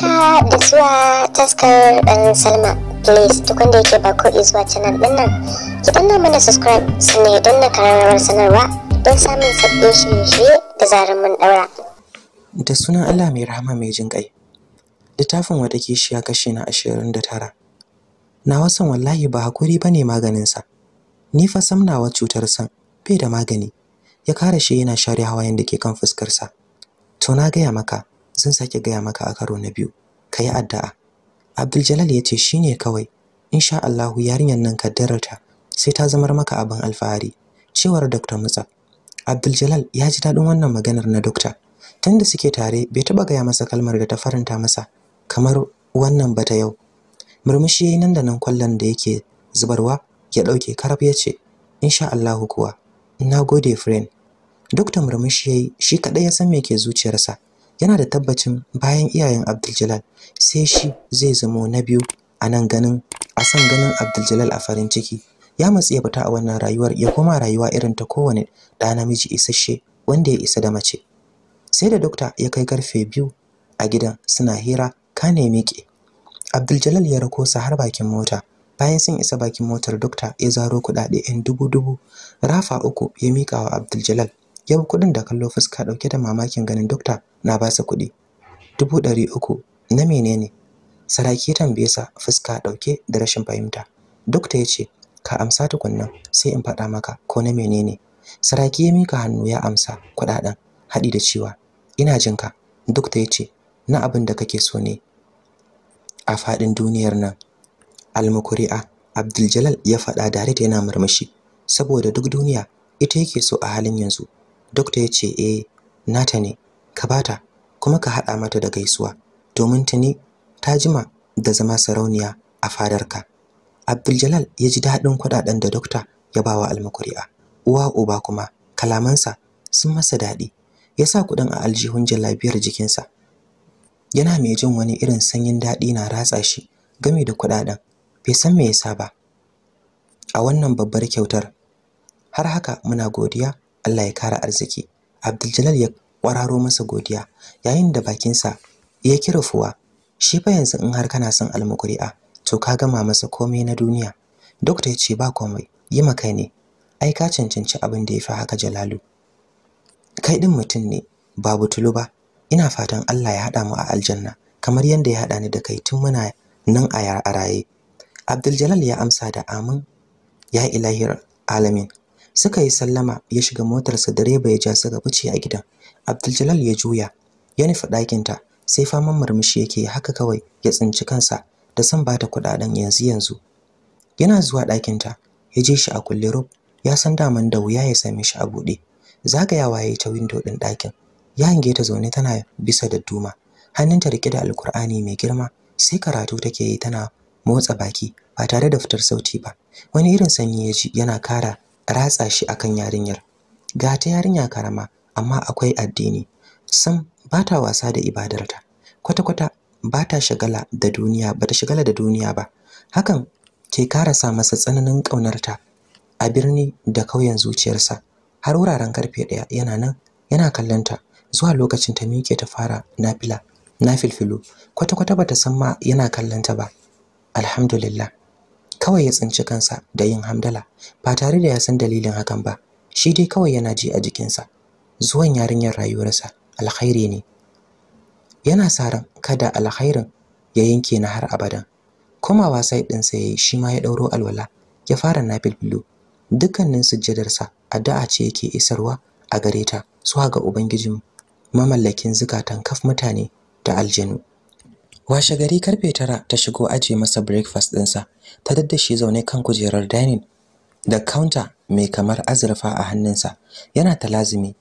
haka da zuwa taskar dan salma please duk wanda yake ba ko zuwa canal din nan ki danna mana subscribe sannan ya danna karamar sanarwa don samun sabbin shirye-shirye da zarar mun daura da sunan allah mai rahama mai jin kai littafin wata kishiya kashi na ashirin da tara na wasan wallahi ba hakuri ba ne maganinsa ni fa samnawa cutar san bai da magani ya kare shi yana share hawayen da ke kan fuskarsa to na gaya maka zan sake gaya maka a karo na biyu ka yi addu'a abdul ya ce shine kawai insha Allah yarinyar nan kaddararta sai ta zamar maka abin alfahari cewar dr mutsaf abdul ya ji daɗin wannan maganar na dokta tunda suke tare bai taɓa gaya masa kalmar da ta faranta masa kamar wannan bata yau murmushi yayin nan da nan kwallon da yake zubarwa ya ɗauke karab ya ce insha Allah kuwa na gode friend Dokta murmushi yayi shi kadai ya san me ke zuciyarsa yana da tabbacin bayan iyayen Abdul sai shi zai zamo na biyu a nan ganin a san ganin Abdul a farin ciki ya matsi ya fita a wannan rayuwar ya koma rayuwa irin ta kowane da namiji isasshe wanda ya isa da mace sai da dokta ya kai karfe biyu a gidan suna hira kane miƙe Abdul ya rako sa har bakin mota bayan sun isa bakin motar dokta ya zaro kuɗaɗe 'yan dubu dubu rafa uku ya miƙa wa Abdul Yau kudin kuɗin da kallo fuska ɗauke da mamakin ganin dokta na ba su kuɗi dubu ɗari uku na menene saraki tambaye sa fuska ɗauke da rashin fahimta dokta ya ce ka amsa tukunna sai in faɗa maka ko na menene saraki ya mika hannu ya amsa kuɗaɗen haɗi da cewa ina jinka dokta ya ce na abin da kake so ne a faɗin duniyar nan almukuri'a abdul ya faɗa da yana murmushi saboda duk duniya ita yake so a halin yanzu Dokta ya ce eh nata ne ka bata kuma ka haɗa mata da gaisuwa domin tuni ta jima da zama sarauniya a fadarka. Abdul ya ji daɗin kuɗaɗen da dokta ya bawa almakuri'a. Uwa uba kuma kalamansa sun masa daɗi. Ya sa kuɗin a aljihun jalabiyar jikinsa. Yana mai jin wani irin sanyin daɗi na ratsa shi game da kuɗaɗen. Bai san me yasa ba. A wannan babbar kyautar har haka muna godiya Allah ya kara arziki Abdul ya kwararo masa godiya yayin da bakinsa ya kira fuwa shi fa yanzu in har kana son almukuri'a to ka gama masa komai na duniya dokta ya ce ba komai yi maka ne ai ka cancanci abin da ya fi haka jalalu kai din mutum ne babu tulu ba ina fatan Allah ya haɗa mu a aljanna kamar yadda ya haɗa ni da kai tun muna nan a raye Abdul ya amsa da amin ya ilahir alamin suka yi sallama ya shiga motarsa direba ya ja su gaba ce a gidan abdul ya juya ya nufi ɗakinta sai faman murmushi yake haka kawai ya tsinci kansa da san ba ta kuɗaɗen yanzu yanzu yana zuwa ɗakinta ya je shi a kulle rub ya san daman da wuya ya same shi a buɗe zagayawa ya yi ta windo ɗin ɗakin ya hange ta zaune tana bisa da duma hannunta riƙe da alkur'ani mai girma sai karatu take yi tana motsa baki ba tare da fitar sauti ba wani irin sanyi ya ji yana kara ratsa shi akan yarinyar ga ta yarinya karama amma akwai addini sam bata wasa da ibadarta kwata-kwata bata shagala da duniya bata shagala da duniya ba hakan ke karasa masa tsananin ƙaunarta a birni da kauyen zuciyarsa har wuraren karfe ɗaya yana nan yana kallonta zuwa lokacin ta miƙe ta fara nafila na kwata-kwata bata san ma yana kallonta ba alhamdulillah kawai ya tsinci kansa da yin hamdala ba tare da ya san dalilin hakan ba shi dai kawai yana ji a jikinsa zuwan yarinyar rayuwarsa alkhairi ne yana sa ran kada alkhairin ya yanke na har abadan komawa sai ɗinsa ya yi shi ma ya ɗauro alwala ya fara nafilfilo dukkanin sujjadarsa addu'a ce yake isarwa a gare ta zuwa ga ubangijin mamallakin zukatan kaf mutane da aljanu Washe gari karfe tara ta shigo aje masa breakfast dinsa, ta daddashe zaune kan kujerar dining da counter mai kamar azurfa a hannunsa. Yana ta lazimi,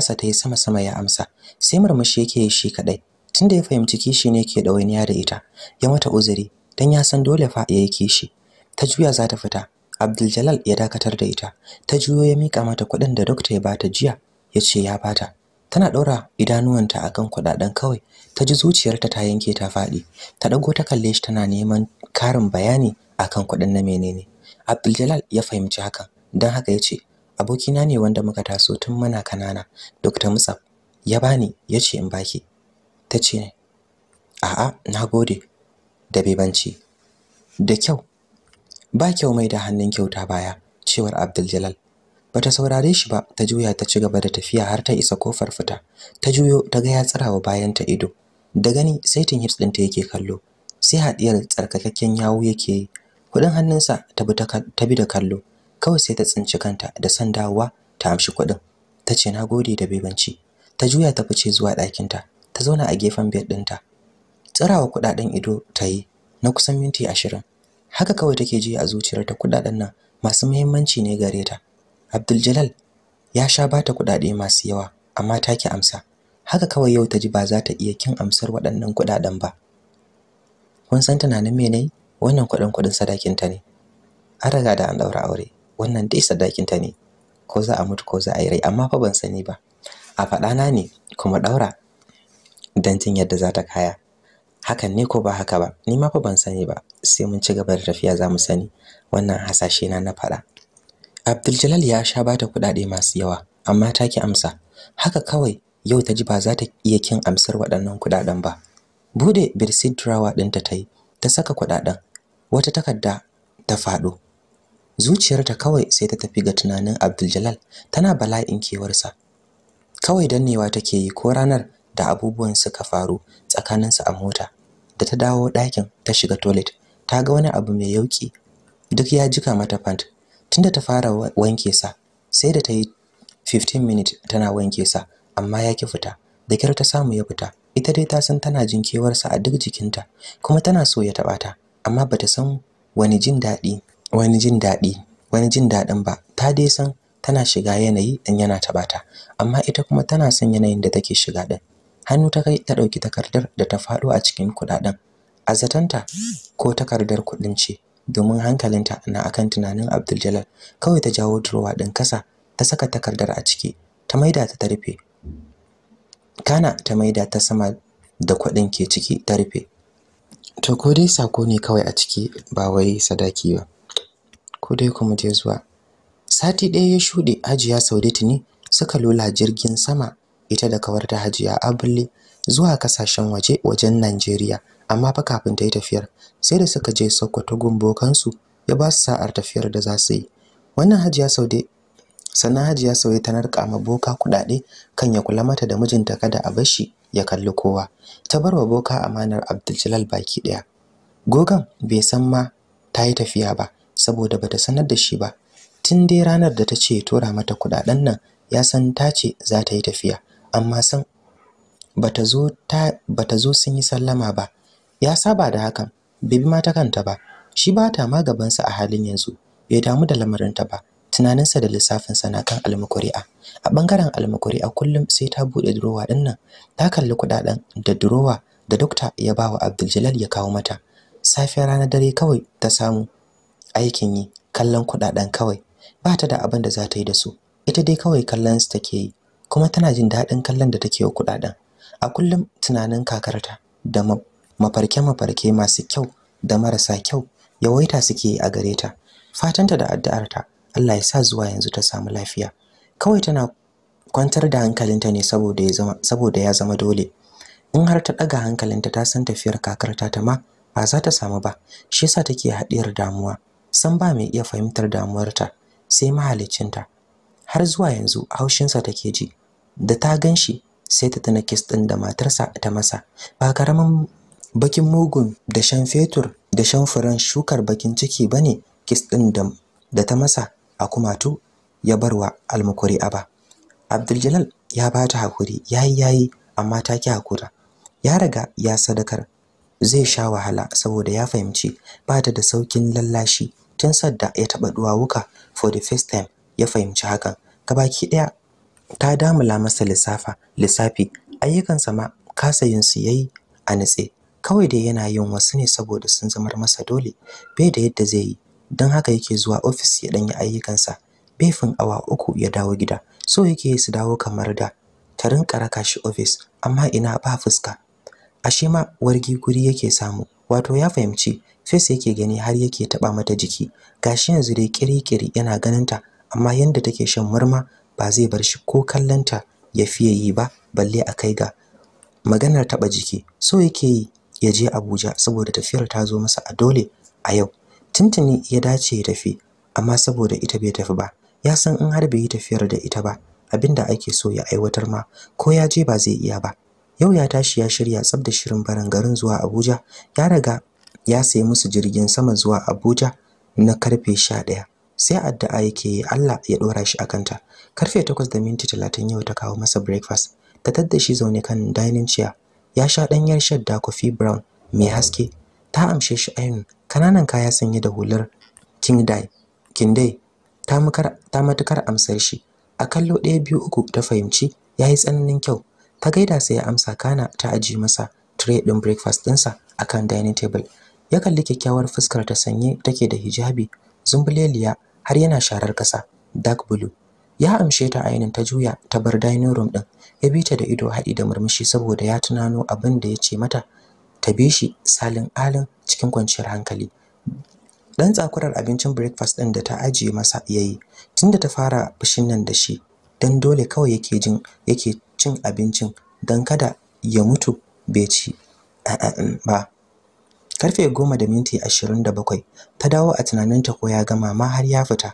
sa ta yi sama-sama ya amsa, sai murmushi yake yi shi kaɗai. Tunda ya fahimci kishi ne ke ɗawainiya da ita, ya mata uzuri, dan ya san dole fa ya yi kishi. Ta juya za ta fita, Abdul ya dakatar da ita, ta juyo ya mika mata kuɗin da dokta ya bata jiya, ya ce ya bata. tana ɗaura idanuwanta akan kudaden kawai ta ji zuciyarta ta yanke ta faɗi ta ɗago ta kalle shi tana neman karin bayani akan kuɗin na menene Abdul ya fahimci hakan dan haka yace ce abokina ne wanda muka taso tun muna kanana Dr. Musa ya bani ya ce in baki ta ce a'a nagode da bebanci da kyau ba kyau mai da hannun kyauta baya cewar Abdul bata saurare shi ba ta juya ta ci gaba da tafiya har ta isa kofar fita ta juyo ta ga ya tsirawa bayan ta ido da gani sai saitin hips ɗinta yake kallo sai hadiyar tsarkakakken yawo yake yi kudin hannunsa ta bi da kallo kawai sai ta tsinci kanta da san dawowa ta amshi kudin ta ce nagode da bebanci ta juya ta fice zuwa ɗakinta ta zauna a gefen bed ɗinta tsirawa kudaden ido ta yi na kusan minti ashirin haka kawai take ji a zuciyarta kudaden nan masu muhimmanci ne gare ta Abdul ya sha bata kuɗaɗe masu yawa amma ta ki amsa. Haka kawai yau ta ji ba za ta iya kin amsar waɗannan kuɗaɗen ba. Kun san tunanin me ne Wannan kuɗin kuɗin sadakin ta ne. An riga da an ɗaura aure. Wannan dai sadakin ta ne. Ko za a mutu ko za a yi rai amma fa ban sani ba. A faɗa na ne kuma ɗaura don jin yadda za ta kaya. hakan ne ko ba haka ba ni ma fa ban sani ba sai mun ci gaba da tafiya za mu sani wannan hasashe na na faɗa. Abdul ya sha bata kuɗaɗe masu yawa amma ta ki amsa. Haka kawai yau ta ji ba za ta iya kin amsar waɗannan kuɗaɗen ba. Bude Birsit drawer ɗinta ta yi, ta saka kuɗaɗen. Wata takarda ta faɗo. Zuciyarta kawai sai ta tafi ga tunanin Abdul tana bala'in kewarsa. Kawai dannewa take yi ko ranar da abubuwan suka faru tsakanin su a mota. Da ta dawo ɗakin ta shiga toilet ta ga wani abu mai yauki duk ya jika mata pant tunda ta fara wanke sa sai da ta yi 15 minutes tana wanke sa amma ya ki fita da kyar ta samu ya fita ita dai ta san tana jin kewarsa a duk jikinta kuma tana so ya taba ta amma bata san wani jin daɗi wani jin dadi wani jin daɗin ba ta dai san tana shiga yanayi in yana taɓata, ta amma ita kuma tana son yanayin da take shiga din hannu ta kai ta ɗauki takardar da ta faɗo a cikin kuɗaɗen a zatanta ko takardar kuɗin ce domin hankalinta na akan tunanin Abdul kawai ta jawo durowa din kasa ta saka takardar a ciki ta maida ta kana ta maida ta sama da kudin ke ciki ta rufe to ko dai sako ne kawai a ciki ba wai sadaki ba ko dai kuma je zuwa sati ɗaya ya shuɗe hajiya sauditi ne suka lola jirgin sama ita da kawar da hajiya abule zuwa kasashen waje wajen najeriya amma fa kafin ta yi tafiyar sai da suka je Sokoto kansu ya ba su sa'ar tafiyar da za su yi wannan Hajiya Saude sannan Hajiya Saude ta narka ma boka kudade kan ya kula mata da mijinta kada a bashi ya kalli kowa ta bar wa boka amanar Abdul baki ɗaya. gogan bai san ma ta yi tafiya ba saboda bata sanar da shi ba tun dai ranar da ta ce tura mata kuɗaɗen nan ya san ta ce za ta yi tafiya amma san bata bata zo sun yi sallama ba ya saba da hakan bai bi mata kanta ba shi ba ta ma gabansa a halin yanzu bai damu da lamarin ta ba tunaninsa da lissafinsa na kan almukuri'a a bangaren almukuri'a kullum sai ta buɗe durowa din nan ta kalli kuɗaɗen da durowa da dokta ya ba wa Abdul ya kawo mata safiya rana dare kawai ta samu aikin yi kallon kuɗaɗen kawai ba ta da abin da za ta yi da su ita dai kawai kallon su take yi kuma tana jin daɗin kallon da take wa kuɗaɗen. a kullum tunanin kakarta da mafarke-mafarke masu kyau da marasa kyau yawaita suke yi a gare ta fatanta da addu'arta Allah ya sa zuwa yanzu ta samu lafiya kawai tana kwantar da hankalinta ne saboda ya zama saboda ya zama dole in har ta daga hankalinta ta san tafiyar kakarta ta ma ba za ta samu ba shi yasa take haɗiyar damuwa san ba mai iya fahimtar damuwarta sai mahaliccinta har zuwa yanzu haushinsa take ji da ta gan shi sai ta tuna kis ɗin da matarsa ta masa ba karamin bakin mugun da shan fetur da shan furen shukar bakin ciki bane kis ɗin da ta masa a kumatu ya barwa almukuri aba abdul ya bata hakuri yayi yayi amma ta ki hakura ya riga ya sadakar zai sha wahala saboda ya fahimci ba ta da saukin lallashi tun sadda ya taba duwawuka for the first time ya fahimci hakan gabaki ɗaya ta damula masa lissafa lissafi ayyukansa ma kasa yin su yayi a nitse kawai dai yana yin wasu ne saboda sun zamar masa dole bai da yadda zai yi don haka yake zuwa ofis ya ɗanyi ayyukansa befin awa uku ya dawo gida so yake su dawo kamar da ta rinka raka shi ofis amma ina ba fuska ashe ma wargi guri yake samu wato ya fahimci face yake gani har yake taba mata jiki gashi yanzu dai kirikiri yana ganinta amma yanda take shan murma ba zai bar shi ko kallanta ya fiye yi ba balle a kai ga maganar taba jiki so yake yi ya je Abuja saboda tafiyar ta zo masa a dole a yau. Tuntuni ya dace ya tafi, amma saboda ita bai tafi ba. Ya san in har bai yi tafiyar da ita ba, abinda ake so ya aiwatar ma ko ya je ba zai iya ba. Yau ya tashi ya shirya tsab da shirin barin garin zuwa Abuja, ya riga ya sayi musu jirgin sama zuwa Abuja na karfe sha ɗaya. Sai addu'a yake yi Allah ya dora shi a kanta. Karfe takwas da minti talatin yau ta kawo masa breakfast. Ta tadda shi zaune kan dining chair ya sha ɗanyar shadda coffee brown mai haske ta amshe shi ainun kananan kaya sanye da hular kingdai kindai ta mukar matukar amsar shi a kallo ɗaya biyu uku ta fahimci yayi tsananin kyau ta gaida sai ya amsa kana ta aji masa tray din breakfast dinsa akan dining table ya kalli kyakkyawar fuskar ta sanye take da hijabi zumbuleliya har yana sharar kasa dark blue ya amshe ta ainin ta juya ta bar dining room din ya bi ta da ido haɗi da murmushi saboda ya tunano abin da ya ce mata ta bi shi salin alin cikin kwanciyar hankali dan tsakurar abincin breakfast din da ta ajiye masa yayi tunda ta fara fushin nan da shi dan dole kawai yake jin yake cin abincin dan kada ya mutu bai ci eh, eh, ba karfe goma da minti ashirin da bakwai ta dawo a tunaninta ko ya gama ma har ya fita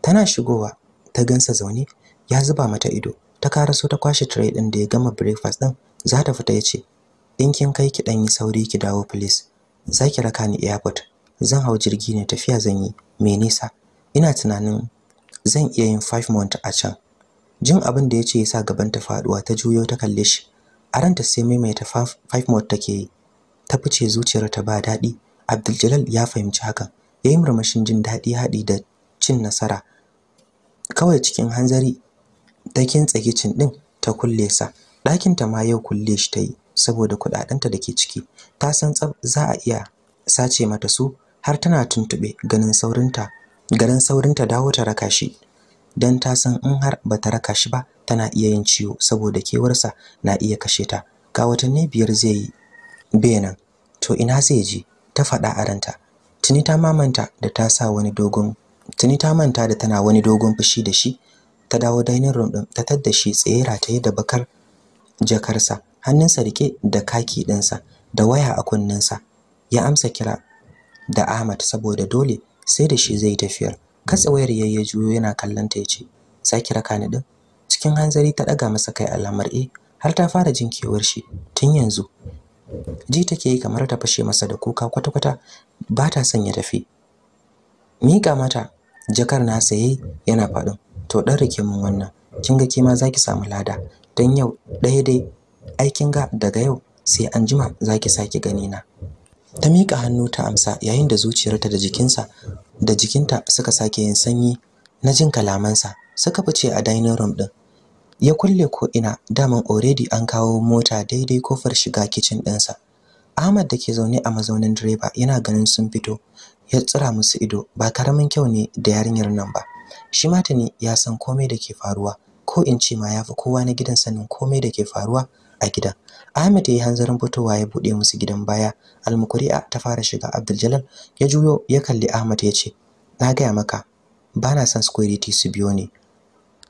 tana shigowa ta gansa zaune ya zuba mata ido ta karaso ta kwashe tray din da ya gama breakfast din za ta fita yace in kin kai ki dan yi sauri ki dawo please zaki raka ni airport zan hau jirgi ne tafiya zan yi me nisa ina tunanin zan iya yin 5 month a can jin abin da yace yasa gaban ta faduwa ta juyo ta kalle shi a ranta sai maimaita 5 month take yi ta fice zuciyar ta ba dadi Abdul ya fahimci hakan yayi murmushin jin dadi hadi da cin nasara kawai cikin hanzari ta kintsa kicin din ta kulle sa ɗakin ta ma yau kulle shi ta yi saboda kuɗaɗenta da ke ciki ta san tsab za a iya sace mata su har tana tuntuɓe ganin saurinta garin saurinta dawo ta raka shi don ta san in har ba ta raka shi ba tana iya yin ciwo saboda kewarsa na iya kashe ta ga watanni biyar zai yi benan to ina zai je ta faɗa a ranta tuni ta mamanta da ta sa wani dogon tuni ta manta da tana wani dogon fushi da shi ta dawo dining room din ta tadda shi tsaye ta da bakar jakarsa hannunsa rike da kaki ɗinsa da waya a sa, ya amsa kira da Ahmad saboda dole sai da shi zai tafiyar katse wayar yayye juyo yana kallon ta yace saki raka ni din cikin hanzari ta daga masa kai alamar e har ta fara jin kewar shi tun yanzu ji take yi kamar ta fashe masa da kuka kwata-kwata ba ta son ya tafi mika mata jakar na yayi yana faɗin to dan rike min wannan kin ga kima zaki samu lada dan yau ɗaya dai ai ga daga yau sai an jima zaki saki gani na ta mika hannu ta amsa yayin da zuciyarta da jikinsa da jikinta suka sake yin sanyi na jin kalamansa suka fice a dining room din ya kulle ko ina daman already an kawo mota daidai kofar shiga kitchen ɗinsa Ahmad da ke zaune a mazaunin direba yana ganin sun fito ya tsira musu ido ba karamin kyau ne da yarinyar nan ba shi mata ne ya san komai da ke faruwa ko in ce ma ya fi kowa na gidan sanin komai da ke faruwa a gidan Ahmed ya yi hanzarin fitowa ya buɗe musu gidan baya almukuri'a ta fara shiga Abdul ya juyo ya kalli Ahmed ya ce na gaya maka ba na son security su biyo ne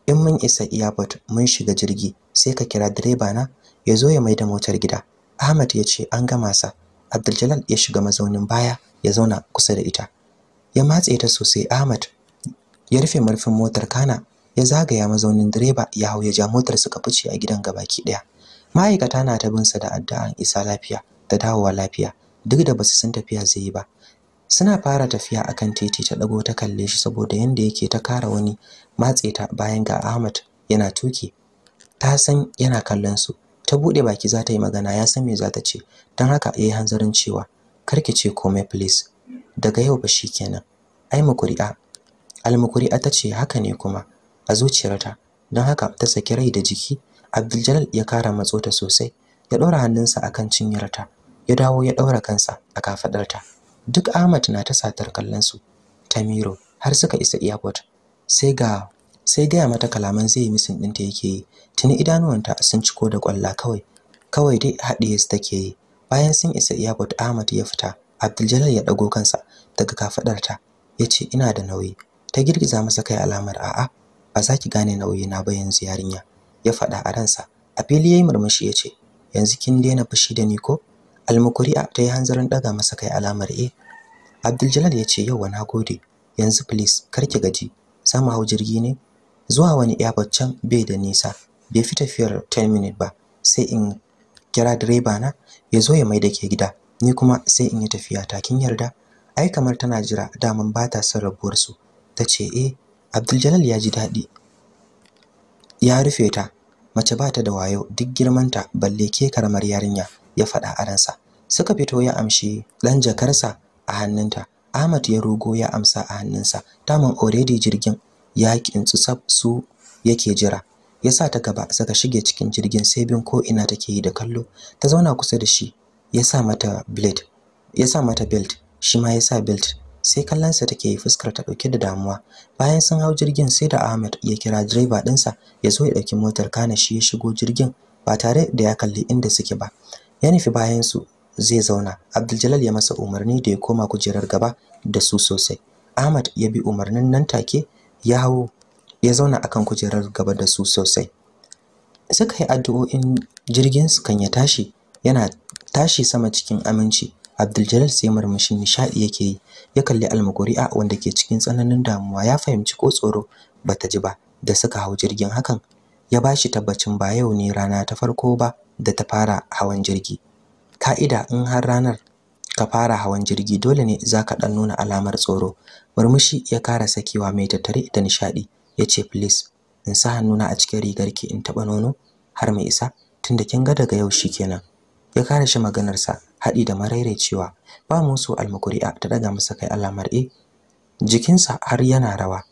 in mun isa airport mun shiga jirgi sai ka kira direba na ya zo ya maida motar gida Ahmad ya ce an gama sa Abdul ya shiga mazaunin baya ya zauna kusa da ita ya matse ta sosai Ahmad ya rufe murfin motar kana ya zagaya mazaunin direba ya hau ya ja motar suka fice a gidan gabaki daya ma'aikata na ta bin sa da addu'an isa lafiya da dawowa lafiya duk da basu san tafiya zai yi ba suna fara tafiya akan titi ta dago ta kalle shi saboda yanda yake ta kara wani matse ta bayan ga Ahmad yana tuki ta san yana kallon su ta bude baki za ta yi magana ya san me za ta ce don haka yayi hanzarin cewa Kar ki ce komai please. Daga yau ba shi kenan. Ai mukuri'a. Almukuri'a ta ce haka ne kuma a zuciyarta. Don haka ta saki rai da jiki. Abdul ya kara matso ta sosai. Ya ɗora hannunsa akan cinyarta. Ya dawo ya ɗaura kansa a kafaɗarta. Duk Ahmad na ta satar kallon su. Tamiro har suka isa airport. Sai ga sai gaya mata kalaman zai yi din ta yake yi tuni idanuwanta sun ciko da kwalla kawai kawai dai haɗiye su take yi bayan sun isa airport Ahmad ya fita Abdul ya dago kansa daga kafadarta yace ina da nauyi ta girgiza masa kai alamar a'a ba za ki gane nauyi na ba yanzu yarinya ya faɗa a ransa a fili yayi murmushi yace yanzu kin daina fushi da ni ko almukuri'a ta yi hanzarin daga masa kai alamar e eh. Abdul ya ce yau na gode yanzu please kar ki gaji samu hau jirgi ne zuwa wani airport can bai da nisa bai fi tafiyar 10 minutes ba sai in kira direba na ya zo ya maida ke gida ni kuma sai in yi tafiya ta kin yarda ai kamar tana jira daman ba ta son rabuwar su tace eh Abdul ya ji daɗi ya rufe ta mace ba ta da wayo duk girmanta balle ke karamar yarinya ya faɗa a ransa suka fito ya amshi dan jakarsa a hannunta Ahmad ya rogo ya amsa a hannunsa taman already jirgin ya kintsu sab su yake jira ya sa ta gaba suka shige cikin jirgin sai bin ko ina take yi da kallo ta zauna kusa da shi ya sa mata blade ya mata belt shi ma ya sa belt sai kallonsa take fuskar ta dauke da damuwa bayan sun hau jirgin sai da Ahmed ya kira direba ɗinsa ya zo ya dauki motar kana shi ya shigo jirgin ba tare da ya kalli inda suke ba ya nufi bayan su zai zauna Abdul ya masa umarni da ya koma kujerar gaba da su sosai Ahmad ya bi umarnin nan take ya hau. ya zauna akan kujerar gaba da su sosai suka yi addu'o'in jirgin su kan ya tashi yana tashi sama cikin aminci Abdul sai murmushin nishadi yake yi ya kalli almuguri'a wanda ke cikin tsananin damuwa ya fahimci ko tsoro bata ji ba da suka hau jirgin hakan ya bashi tabbacin ba yau ne rana ta farko ba da ta fara hawan jirgi ka'ida in har ranar ka fara hawan jirgi dole ne zaka dan nuna alamar tsoro murmushi ya kara sakewa mai tattare da nishadi ya ce please in sa hannuna a cikin rigarki in taɓa nono har mai isa tunda kin ga daga yau shikenan ya kare shi maganarsa haɗi da cewa ba musu almukuri'a ta daga masa kai alamar e jikinsa har yana rawa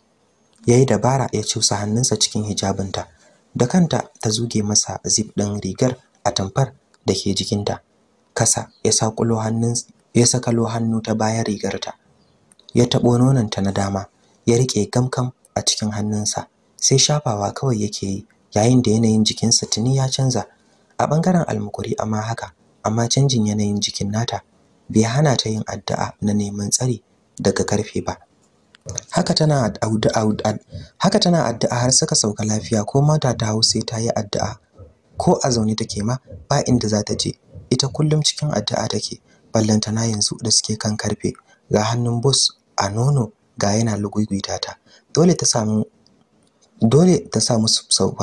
ya yi dabara ya cusa hannunsa cikin hijabinta da kanta ta zuge masa zip ɗin rigar a tamfar da ke jikinta kasa ya sakalo hannu ta bayan rigarta ya taɓo nononta na dama ya riƙe gamkam a cikin hannunsa sai shafawa kawai yake yi yayin da yanayin jikinsa tuni ya canza a ɓangaren almukuri amma haka amma canjin yanayin jikin nata bai hana ta yin addu'a na neman tsari daga karfe ba haka tana addu'a haka tana addu'a har suka sauka lafiya ko ma ta dawo sai ta yi addu'a ko a zaune take ma ba inda za ta je ita kullum cikin addu'a take ballantana yanzu da suke kan karfe ga hannun bus a nono ga yana lugugwita ta dole ta samu dole ta samu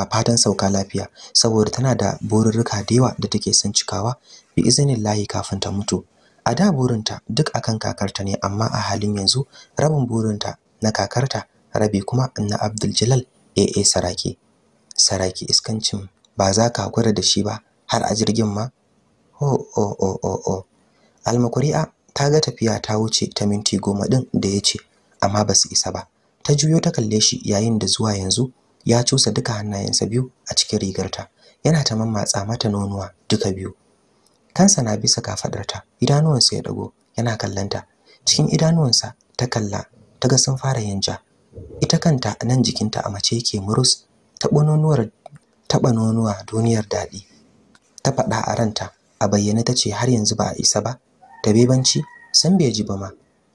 fatan sauka lafiya saboda tana da bururruka da yawa da take son cikawa bi izinin layi kafin ta mutu a da burinta duk akan kakarta ne amma a halin yanzu rabin burinta na kakarta rabi kuma na Abdul Jalal AA Saraki Saraki iskancin ba za ka gura da shi ba har a jirgin ma ho o o o o almakuri'a ta ga tafiya ta wuce ta minti goma din da ya ce amma ba su isa ba ta juyo ta kalle shi yayin da zuwa yanzu ya cusa duka hannayensa biyu a cikin rigarta yana ta mammatsa mata nonuwa duka biyu kansa na bisa kafadarta idanuwansa ya dago yana kallanta cikin idanuwansa ta kalla ta ga sun fara yin ja. ita kanta nan jikinta a mace yake murus taɓa nonuwar taɓa nonuwa duniyar daɗi ta faɗa a ranta a bayyane ta ce har yanzu ba a isa ba da bebanci san bai ji ba ma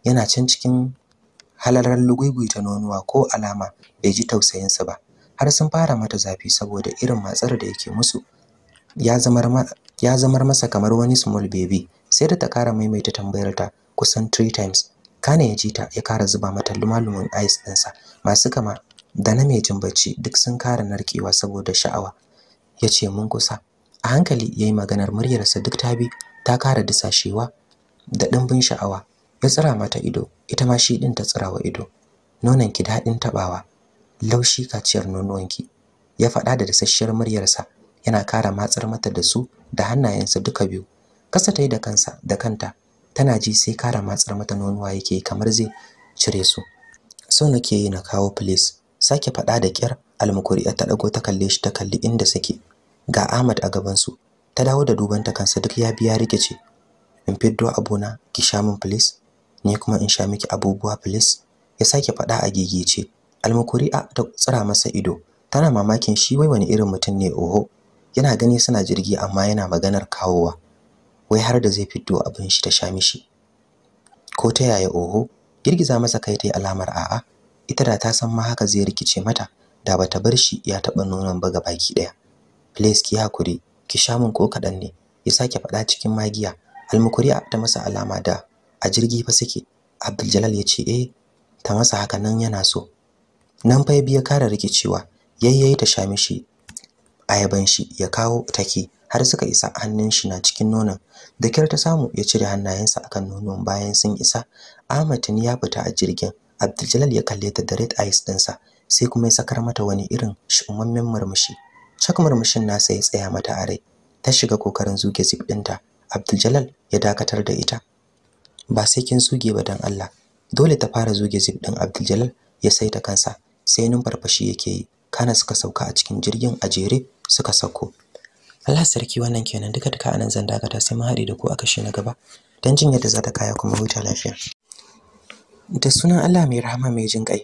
yana can cikin halarar ta nonuwa ko alama bai ji tausayinsu ba har sun fara mata zafi saboda irin matsar da yake musu ya zamar masa kamar wani small baby sai da ta kara maimaita tambayarta kusan 3 times kana ya ji ta ya kara zuba mata lumalumin ice ɗinsa masu kama da na mai bacci duk sun kara narkewa saboda sha'awa ya ce mun kusa a hankali ya yi maganar muryarsa duk ta bi ta kara disashewa da ɗimbin sha'awa ya tsira mata ido ita ma shi din ta tsirawa ido nonon ki dadin tabawa laushi kaciyar ki ya faɗa da dasasshiyar muryarsa yana kara matsar mata da su da hannayensa duka biyu kasa ta da kansa da kanta tana ji sai kara matsar mata nonuwa yake kamar zai cire su so nake yi na kawo police sake faɗa da kyar almukuri ta dago ta kalle shi ta kalli inda suke ga Ahmad a gaban su ta dawo da duban ta kansa duk ya biya rikice in fiddo abuna ki sha min please ni kuma in sha miki abubuwa please ya sake faɗa a gigice almukuri'a ta tsira masa ido tana mamakin shi wai wani irin mutum ne oho yana gani suna jirgi amma yana maganar kawowa wai har da zai fito abin shi ta sha mishi ko ta yaya oho girgiza masa kai ta yi alamar a'a ita da ta san ma haka zai rikice mata da bata bar shi ya taɓa nonon ba ga baki ɗaya please ki hakuri ki sha mun ko kaɗan ne ya sake faɗa cikin magiya almukuri'a ta masa alama da a jirgi fa suke Abdul ya ce eh ta masa haka nan yana so nan fa ya biya kara rikicewa yayyayi ta sha mishi ayaban shi ya kawo take har suka isa hannun shi na cikin nonon da kyar ta samu ya cire hannayensa akan nonon bayan sun isa Ahmadin ya fita a jirgin Abdul ya kalle ta da red eyes dinsa sai kuma ya sakar mata wani irin shumammen murmushi cak murmushin nasa ya tsaya mata a rai ta shiga kokarin zuke zip dinta Abdul ya dakatar da ita ba sai kin zuge ba dan Allah dole ta fara zuge zip din Abdul ya saita kansa sai numfarfashi farfashi yake yi kana suka sauka a cikin jirgin a jere suka sauko Allah sarki wannan kenan duka duka anan zan dakata sai mun haɗe da ku a kashi na gaba dan jin yadda za ta kaya kuma huta lafiya da sunan Allah mai rahama mai jin kai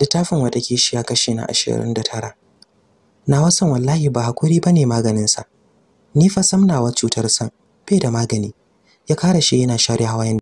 littafin wata kishiya kashi na 29 na wasan wallahi ba hakuri bane maganin sa ni fa samnawa cutar san bai da magani ya shi yana share hawa hawayen